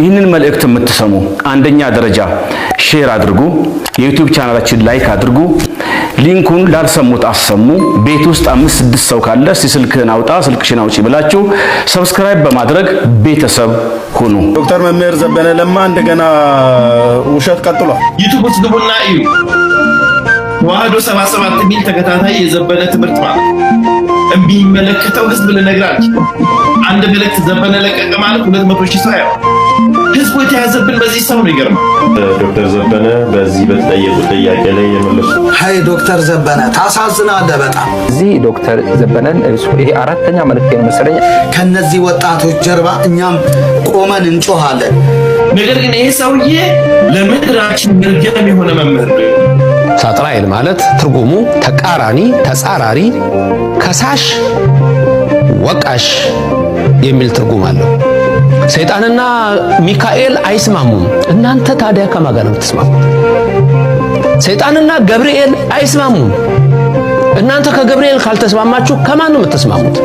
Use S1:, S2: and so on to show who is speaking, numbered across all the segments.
S1: ይህንን መልእክት የምትሰሙ አንደኛ ደረጃ ሼር አድርጉ፣ የዩቲዩብ ቻናላችን ላይክ አድርጉ፣ ሊንኩን ላልሰሙት አሰሙ። ቤት ውስጥ አምስት ስድስት ሰው ካለ እስቲ ስልክህን አውጣ፣ ስልክሽን አውጪ ብላችሁ ሰብስክራይብ በማድረግ ቤተሰብ ሁኑ።
S2: ዶክተር መምህር ዘበነ ለማ እንደገና ውሸት ቀጥሏል።
S3: ዩቱብ ውስጥ ግቡና እዩ። ዋህዶ 77 ሚል ተከታታይ የዘበነ ትምህርት ማለት የሚመለከተው ህዝብ ልነግራችሁ አንድ መልእክት ዘበነ ለቀቀ ማለት 200 ሺህ ሰው ያው ህዝቡ የተያዘብን በዚህ ሰው ነው።
S4: ዶክተር ዘበነ በዚህ በተጠየቁት ጥያቄ ላይ የመለሱ
S5: ሀይ ዶክተር ዘበነ ታሳዝናለህ በጣም
S6: እዚህ ዶክተር ዘበነን ይሄ አራተኛ መሰለኝ።
S5: ከነዚህ ወጣቶች ጀርባ እኛም ቆመን እንጮሃለን። ነገር ግን ይሄ ሰውዬ ለምድራችን መርገም የሆነ መምህር ነው።
S1: ሳጥናኤል ማለት ትርጉሙ ተቃራኒ፣ ተጻራሪ፣ ከሳሽ፣ ወቃሽ የሚል ትርጉም አለው። ሰይጣንና ሚካኤል አይስማሙም። እናንተ ታዲያ ከማን ጋር ነው የምትስማሙት? ሰይጣንና ገብርኤል አይስማሙም። እናንተ ከገብርኤል ካልተስማማችሁ ከማን ነው የምትስማሙት?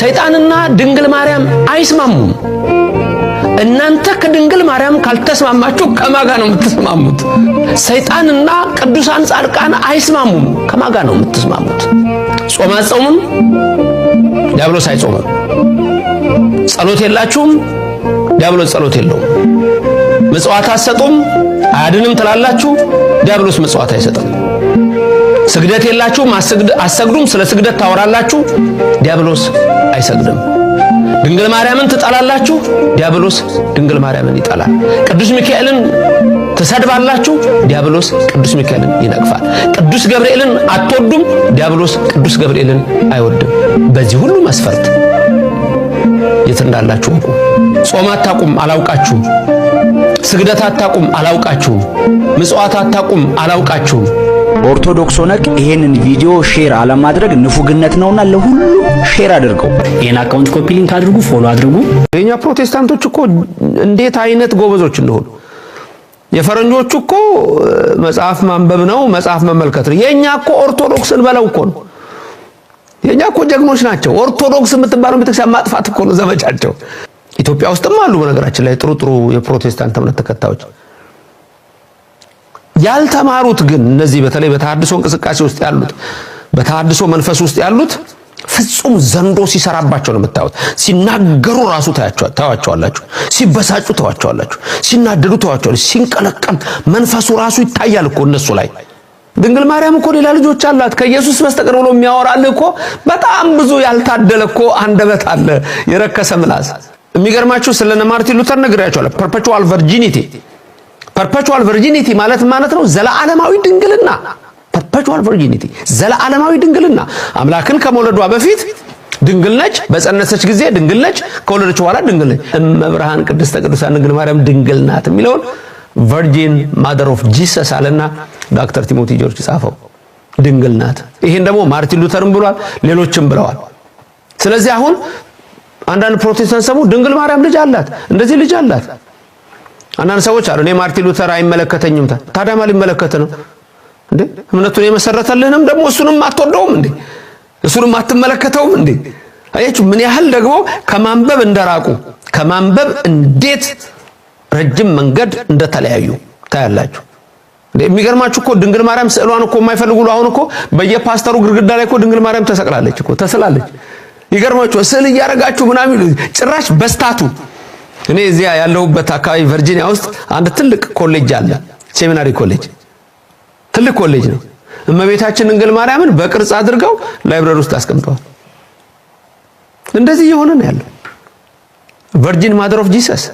S1: ሰይጣንና ድንግል ማርያም አይስማሙም። እናንተ ከድንግል ማርያም ካልተስማማችሁ ከማን ጋር ነው የምትስማሙት? ሰይጣንና ቅዱሳን ጻድቃን አይስማሙም። ከማን ጋር ነው የምትስማሙት? ጾመ አትጾሙም? ዲያብሎስ አይጾምም። ጸሎት የላችሁም። ዲያብሎስ ጸሎት የለውም። ምጽዋት አትሰጡም፣ አያድንም ትላላችሁ። ዲያብሎስ ምጽዋት አይሰጥም። ስግደት የላችሁም፣ አትሰግዱም፣ ስለ ስግደት ታወራላችሁ። ዲያብሎስ አይሰግድም። ድንግል ማርያምን ትጠላላችሁ። ዲያብሎስ ድንግል ማርያምን ይጠላል። ቅዱስ ሚካኤልን ትሰድባላችሁ። ዲያብሎስ ቅዱስ ሚካኤልን ይነቅፋል። ቅዱስ ገብርኤልን አትወዱም። ዲያብሎስ ቅዱስ ገብርኤልን አይወድም። በዚህ ሁሉ መስፈርት የት እንዳላችሁ እወቁ። ጾም አታቁም አላውቃችሁም። ስግደት አታቁም አላውቃችሁም። ምጽዋት አታቁም አላውቃችሁም። ኦርቶዶክስ ሆነክ ይሄንን ቪዲዮ ሼር አለማድረግ ንፉግነት ነውና ለሁሉ ሼር አድርገው። ይሄን አካውንት ኮፒ ሊንክ አድርጉ፣ ፎሎ አድርጉ።
S7: የኛ ፕሮቴስታንቶች እኮ እንዴት አይነት ጎበዞች እንደሆኑ የፈረንጆቹ እኮ መጽሐፍ ማንበብ ነው፣ መጽሐፍ መመልከት ነው። የኛ እኮ ኦርቶዶክስን በለው እኮ ነው። የኛ እኮ ጀግኖች ናቸው። ኦርቶዶክስ የምትባለው ቤተክርስቲያን ማጥፋት እኮ ነው ዘመቻቸው። ኢትዮጵያ ውስጥም አሉ በነገራችን ላይ ጥሩ ጥሩ የፕሮቴስታንት እምነት ተከታዮች። ያልተማሩት ግን እነዚህ በተለይ በተሐድሶ እንቅስቃሴ ውስጥ ያሉት በተሐድሶ መንፈስ ውስጥ ያሉት ፍጹም ዘንዶ ሲሰራባቸው ነው የምታዩት። ሲናገሩ ራሱ ታያቸዋላችሁ፣ ሲበሳጩ ታዋቸዋላችሁ፣ ሲናደዱ ታያቸዋላችሁ፣ ሲንቀለቀል መንፈሱ ራሱ ይታያል እኮ እነሱ ላይ ድንግል ማርያም እኮ ሌላ ልጆች አሏት ከኢየሱስ በስተቀር ብሎ የሚያወራል እኮ በጣም ብዙ ያልታደለ እኮ አንደበት አለ፣ የረከሰ ምላስ። የሚገርማችሁ ስለነ ማርቲን ሉተር ነግሬያችኋለሁ። ፐርፐቹዋል ቨርጂኒቲ ፐርፐቹዋል ቨርጂኒቲ ማለት ማለት ነው ዘለዓለማዊ ድንግልና። ፐርፐቹዋል ቨርጂኒቲ ዘለዓለማዊ ድንግልና አምላክን ከመውለዷ በፊት ድንግል ነች። በጸነሰች ጊዜ ድንግል ነች። ከወለደች በኋላ ድንግል ነች። እመብርሃን ቅድስተ ቅዱሳን ድንግል ማርያም ድንግል ናት የሚለውን ቨርጂን ማደር ኦፍ ጂሰስ አለና ዶክተር ቲሞቲ ጆርጅ ጻፈው። ድንግል ናት። ይሄን ደግሞ ማርቲን ሉተርም ብሏል፣ ሌሎችም ብለዋል። ስለዚህ አሁን አንዳንድ ፕሮቴስታንት ሰሙ ድንግል ማርያም ልጅ አላት፣ እንደዚህ ልጅ አላት። አንዳንድ ሰዎች አሉ እኔ ማርቲን ሉተር አይመለከተኝም። ታዲያ ማን ሊመለከት ነው እንዴ? እምነቱን የመሰረተልህንም ደግሞ እሱንም አትወደውም እንዴ? እሱንም አትመለከተውም እንዴ? አያችሁ ምን ያህል ደግሞ ከማንበብ እንደራቁ ከማንበብ እንዴት ረጅም መንገድ እንደተለያዩ ታያላችሁ። የሚገርማችሁ እኮ ድንግል ማርያም ስዕሏን እኮ የማይፈልጉ አሁን እኮ በየፓስተሩ ግድግዳ ላይ እኮ ድንግል ማርያም ተሰቅላለች እኮ ተስላለች። ይገርማችሁ ስዕል እያደረጋችሁ ምናምን ጭራሽ በስታቱ እኔ እዚያ ያለሁበት አካባቢ ቨርጂኒያ ውስጥ አንድ ትልቅ ኮሌጅ አለ። ሴሚናሪ ኮሌጅ ትልቅ ኮሌጅ ነው። እመቤታችን ድንግል ማርያምን በቅርጽ አድርገው ላይብረሪ ውስጥ አስቀምጠዋል። እንደዚህ እየሆነ ነው ያለው። ቨርጂን ማደር ኦፍ ጂሰስ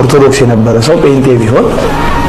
S8: ኦርቶዶክስ የነበረ ሰው ጴንጤ ቢሆን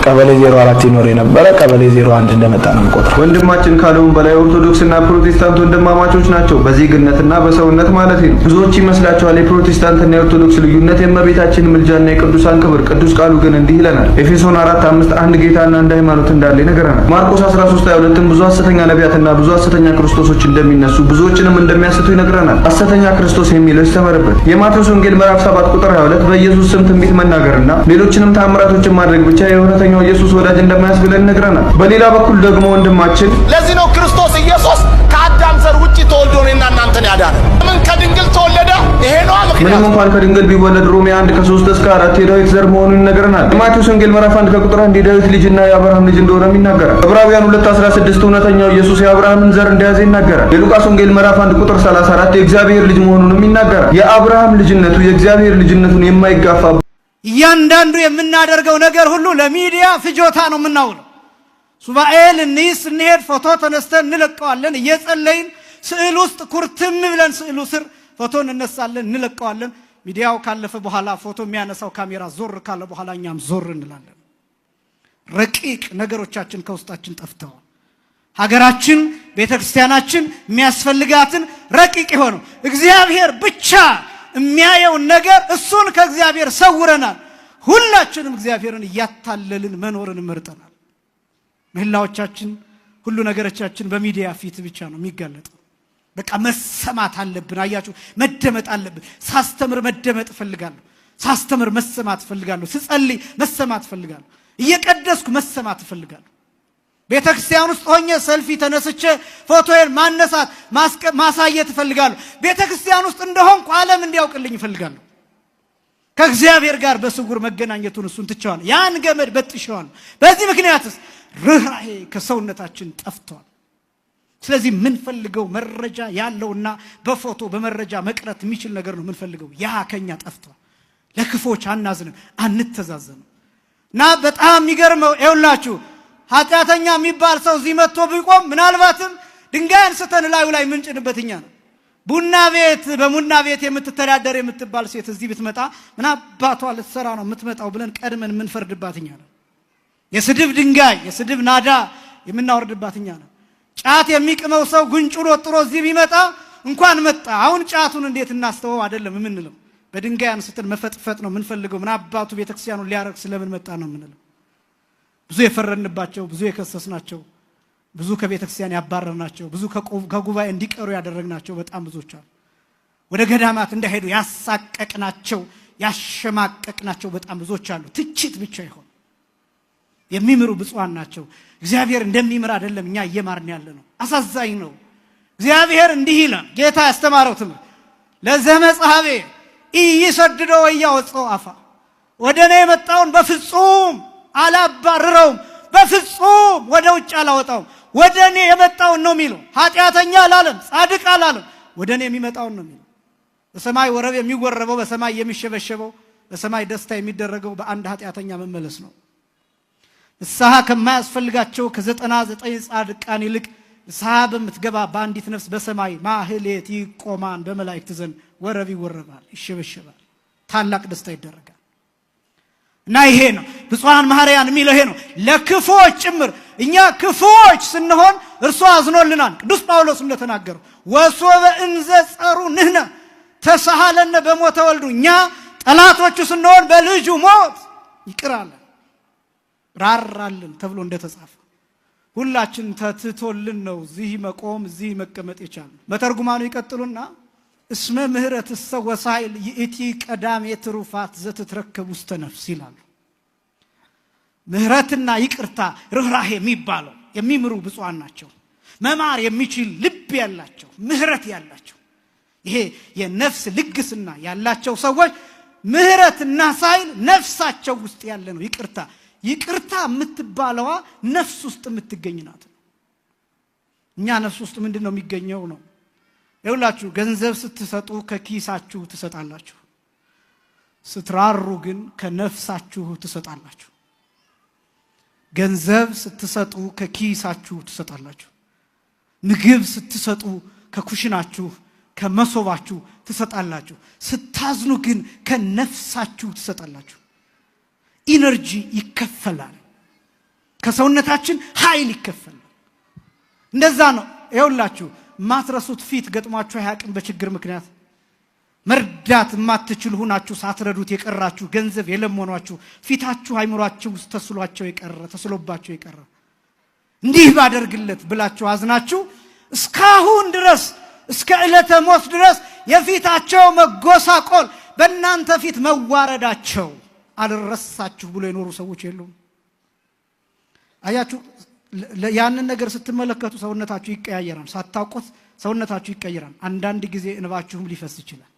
S8: ቀበሌ 04 ይኖር የነበረ ቀበሌ 01 እንደመጣ ነው
S9: ቆጥሮ ወንድማችን ካለውን በላይ ኦርቶዶክስና ፕሮቴስታንት ወንድማማቾች ናቸው በዜግነትና በሰውነት ማለት ነው። ብዙዎች ይመስላችኋል የፕሮቴስታንትና የኦርቶዶክስ ልዩነት የእመቤታችን ምልጃና የቅዱሳን ክብር። ቅዱስ ቃሉ ግን እንዲህ ይለናል። ኤፌሶን 4 5 አንድ ጌታና አንድ ሃይማኖት እንዳለ ይነግረናል። ማርቆስ 13 22 ብዙ ሐሰተኛ ነቢያትና ብዙ ሐሰተኛ ክርስቶሶች እንደሚነሱ ብዙዎችንም እንደሚያስቱ ይነግረናል። ሐሰተኛ ክርስቶስ የሚለው ይስተመርበት። የማቴዎስ ወንጌል ምዕራፍ 7 ቁጥር 22 በኢየሱስ ስም ትንቢት መናገርና ሌሎችንም ታምራቶችን ማድረግ ብቻ የእውነተኛ የምናገኘው ኢየሱስ ወዳጅ እንደማያስብለን ነግረናል። በሌላ በኩል ደግሞ ወንድማችን
S10: ለዚህ ነው ክርስቶስ ኢየሱስ ከአዳም ዘር ውጭ ተወልዶ እኔና እናንተን ያዳነ። ምን ከድንግል ተወለደ? ይሄ ነው
S9: ምክንያት። ምንም እንኳን ከድንግል ቢወለድ ሮሜ ከ3 እስከ 4 የዳዊት ዘር መሆኑን ይነግረናል። ማቴዎስ ወንጌል ምዕራፍ 1 ከቁጥር አንድ የዳዊት ልጅና የአብርሃም ልጅ እንደሆነም ይናገራል። ዕብራውያን ሁለት አስራ እውነተኛው ኢየሱስ የአብርሃምን ዘር እንደያዘ ይናገራል። የሉቃስ ወንጌል ምዕራፍ 1 ቁጥር 34 የእግዚአብሔር ልጅ መሆኑንም ይናገራል። የአብርሃም ልጅነቱ የእግዚአብሔር ልጅነቱን የማይጋፋ
S11: እያንዳንዱ የምናደርገው ነገር ሁሉ ለሚዲያ ፍጆታ ነው የምናውለው። ሱባኤ ልንይዝ ስንሄድ ፎቶ ተነስተን እንለቀዋለን። እየጸለይን ስዕል ውስጥ ኩርትም ብለን ስዕሉ ስር ፎቶ እንነሳለን፣ እንለቀዋለን። ሚዲያው ካለፈ በኋላ ፎቶ የሚያነሳው ካሜራ ዞር ካለ በኋላ እኛም ዞር እንላለን። ረቂቅ ነገሮቻችን ከውስጣችን ጠፍተዋል። ሀገራችን ቤተ ክርስቲያናችን የሚያስፈልጋትን ረቂቅ የሆነው እግዚአብሔር ብቻ የሚያየውን ነገር እሱን ከእግዚአብሔር ሰውረናል። ሁላችንም እግዚአብሔርን እያታለልን መኖርን መርጠናል። ምህላዎቻችን፣ ሁሉ ነገሮቻችን በሚዲያ ፊት ብቻ ነው የሚጋለጠው። በቃ መሰማት አለብን። አያችሁ፣ መደመጥ አለብን። ሳስተምር መደመጥ እፈልጋለሁ። ሳስተምር መሰማት እፈልጋለሁ። ስጸልይ መሰማት እፈልጋለሁ። እየቀደስኩ መሰማት እፈልጋለሁ። ቤተ ክርስቲያን ውስጥ ሆኜ ሰልፊ ተነስቼ ፎቶዬን ማነሳት ማሳየት እፈልጋለሁ። ቤተ ክርስቲያን ውስጥ እንደሆንኩ ዓለም እንዲያውቅልኝ እፈልጋለሁ። ከእግዚአብሔር ጋር በስውር መገናኘቱን እሱን ትቸዋል። ያን ገመድ በጥሸዋል። በዚህ ምክንያትስ ርኅራሄ ከሰውነታችን ጠፍቷል። ስለዚህ የምንፈልገው መረጃ ያለውና በፎቶ በመረጃ መቅረት የሚችል ነገር ነው የምንፈልገው። ያ ከኛ ጠፍቷል። ለክፎች አናዝንም፣ አንተዛዘንም እና በጣም የሚገርመው ይኸውላችሁ ኃጢአተኛ የሚባል ሰው እዚህ መጥቶ ቢቆም ምናልባትም ድንጋይ አንስተን ላዩ ላይ ምንጭንበት እኛ ነው። ቡና ቤት በቡና ቤት የምትተዳደር የምትባል ሴት እዚህ ብትመጣ ምን አባቷ ልትሰራ ነው የምትመጣው ብለን ቀድመን የምንፈርድባት እኛ ነው። የስድብ ድንጋይ የስድብ ናዳ የምናወርድባት እኛ ነው። ጫት የሚቅመው ሰው ጉንጩን ወጥሮ እዚህ ቢመጣ እንኳን መጣ አሁን ጫቱን እንዴት እናስተወው አይደለም የምንለው። በድንጋይ አንስተን መፈጥፈጥ ነው የምንፈልገው። ምን አባቱ ቤተክርስቲያኑን ሊያረግ ስለምን መጣ ነው የምንለው። ብዙ የፈረድንባቸው፣ ብዙ የከሰስናቸው፣ ብዙ ከቤተ ክርስቲያን ያባረርናቸው፣ ብዙ ከጉባኤ እንዲቀሩ ያደረግናቸው በጣም ብዙዎች አሉ። ወደ ገዳማት እንዳይሄዱ ያሳቀቅናቸው፣ ያሸማቀቅናቸው በጣም ብዙዎች አሉ። ትችት ብቻ ይሆን የሚምሩ ብፁዓን ናቸው። እግዚአብሔር እንደሚምር አይደለም እኛ እየማርን ያለ ነው። አሳዛኝ ነው። እግዚአብሔር እንዲህ ይላል፣ ጌታ ያስተማረው ትምህርት ለዘመጽሐቤ ኢይሰድዶ ወያወፀው አፋ ወደ እኔ የመጣውን በፍጹም አላባርረውም፣ በፍጹም ወደ ውጭ አላወጣውም። ወደ እኔ የመጣውን ነው የሚለው። ኃጢአተኛ አላለም፣ ጻድቅ አላለም። ወደ እኔ የሚመጣውን ነው የሚለው። በሰማይ ወረብ የሚወረበው፣ በሰማይ የሚሸበሸበው፣ በሰማይ ደስታ የሚደረገው በአንድ ኃጢአተኛ መመለስ ነው። ንስሐ ከማያስፈልጋቸው ከዘጠና ዘጠኝ ጻድቃን ይልቅ ንስሐ በምትገባ በአንዲት ነፍስ በሰማይ ማህሌት ይቆማን፣ በመላእክት ዘንድ ወረብ ይወረባል፣ ይሸበሸባል፣ ታላቅ ደስታ ይደረጋል። እና ይሄ ነው ብፁዓን መሐርያን የሚለው ይሄ ነው። ለክፉዎች ጭምር እኛ ክፉዎች ስንሆን እርሱ አዝኖልናል። ቅዱስ ጳውሎስ እንደተናገረው ወሶበ እንዘ ጸሩ ንህነ ተሳሃለነ በሞተ ወልዱ እኛ ጠላቶቹ ስንሆን በልጁ ሞት ይቅራለን ራራልን ተብሎ እንደተጻፈ ሁላችን ተትቶልን ነው እዚህ መቆም እዚህ መቀመጥ የቻልነው። መተርጉማኑ ይቀጥሉና እስመ ምህረት እሰ ወሳይል ይእቲ ቀዳሜ ትሩፋት ዘትትረከብ ውስተ ነፍስ ይላሉ። ምህረትና ይቅርታ ርኅራህ የሚባለው የሚምሩ ብፁዓን ናቸው። መማር የሚችል ልብ ያላቸው ምህረት ያላቸው ይሄ የነፍስ ልግስና ያላቸው ሰዎች ምህረትና ሳይል ነፍሳቸው ውስጥ ያለ ነው። ይቅርታ ይቅርታ የምትባለዋ ነፍስ ውስጥ የምትገኝ ናት። እኛ ነፍስ ውስጥ ምንድን ነው የሚገኘው ነው ይሁላችሁ ገንዘብ ስትሰጡ ከኪሳችሁ ትሰጣላችሁ፣ ስትራሩ ግን ከነፍሳችሁ ትሰጣላችሁ። ገንዘብ ስትሰጡ ከኪሳችሁ ትሰጣላችሁ። ምግብ ስትሰጡ ከኩሽናችሁ ከመሶባችሁ ትሰጣላችሁ። ስታዝኑ ግን ከነፍሳችሁ ትሰጣላችሁ። ኢነርጂ ይከፈላል፣ ከሰውነታችን ኃይል ይከፈላል። እንደዛ ነው። ይኸውላችሁ ማትረሱት ፊት ገጥሟችሁ አያውቅም። በችግር ምክንያት መርዳት የማትችሉ ሁናችሁ ሳትረዱት የቀራችሁ ገንዘብ የለመኗችሁ ፊታችሁ አይምሯችሁ ውስጥ ተስሏቸው የቀረ ተስሎባቸው የቀረ እንዲህ ባደርግለት ብላችሁ አዝናችሁ እስካሁን ድረስ እስከ ዕለተ ሞት ድረስ የፊታቸው መጎሳቆል በእናንተ ፊት መዋረዳቸው አልረሳችሁ ብሎ የኖሩ ሰዎች የሉም። አያችሁ። ያንን ነገር ስትመለከቱ ሰውነታችሁ ይቀያየራል። ሳታውቁት ሰውነታችሁ ይቀየራል። አንዳንድ ጊዜ እንባችሁም ሊፈስ ይችላል።